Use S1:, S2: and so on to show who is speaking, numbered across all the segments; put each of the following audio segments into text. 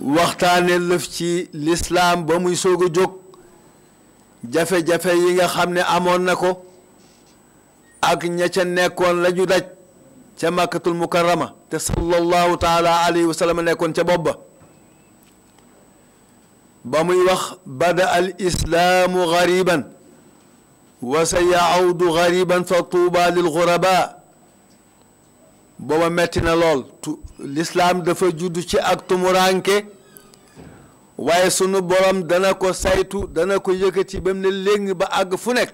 S1: waxtaane lëf ci lislaam ba muy soog a jóg jafe-jafe yi nga xam ne amoon na ko ak ña ca nekkoon la ñu daj ca màkkatul mukarrama te sallallahu taala alayhi wa sallam nekkoon ca bopp ba ba muy wax bada al islaamu gariban wa sa yaawdu gariban fa tuuba lil guraba booba metti na lool lislaam dafa judd ci ak tumuranke waaye sunu borom dana ko saytu dana ko yëkkati ba mu ne ba àgg fu nekk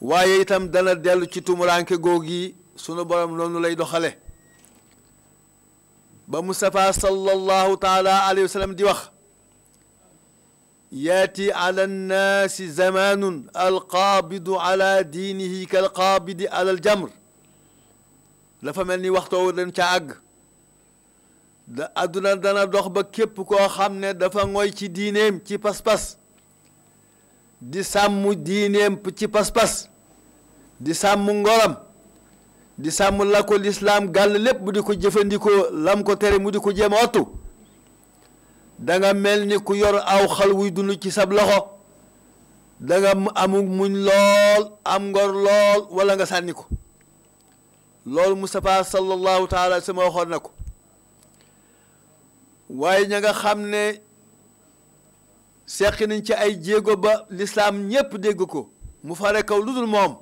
S1: waaye itam dana dellu ci tumuraanke googu yi sunu borom noonu lay doxale ba mu sallallahu taala alayhi wa sallam di wax yaati ala nnaasi zamanun alqaabidu ala diinihi kalqaabidi ala aljamr dafa mel ni waxtoowu leen ca àgg da àdduna dana dox ba képp koo xam ne dafa ngoy ci diineem ci pas-pas di sàmm diineem ci pas di sàmm ngoram di sàmm la ko lislaam gàll lépp bu di ko jëfandikoo lam ko tere mu di ko jéem a wattu da mel ni ku yor aw xal wuy dund ci sab loxo danga nga amul muñ lool am ngor lool wala nga sànni ko loolu Moustapha sallallahu taala sama waxoon na ko waaye ña nga xam ne seq nañ ci ay jéego ba lislaam ñépp dégg ko mu fare kaw lu dul moom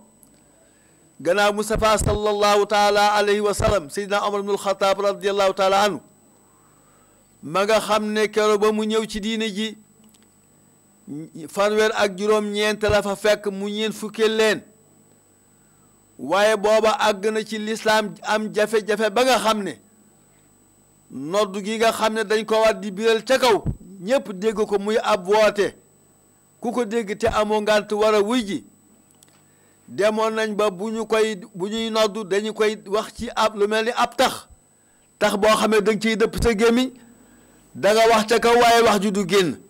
S1: gannaaw Moustapha sallallahu taala alayhi wa sallam Seydina Omar ibnul Xataab radiallahu taala anhu ma nga xam ne kero ba mu ñëw ci diine ji fanweer ak juróom-ñeent fa fekk mu ñeen fukkee leen waaye booba àgg na ci lislaam am jafe-jafe ba nga xam ne nodd gi nga xam ne dañ ko war di biral ca kaw ñépp dégg ko muy ab woote ku ko dégg te amoo ngànt war wuy ji demoon nañ ba bu ñu koy bu ñuy noddu dañu koy wax ci ab lu mel ni ab tax tax boo xamee danga ciy dëpp sa gémmiñ da nga wax ca kaw waaye wax ju du génn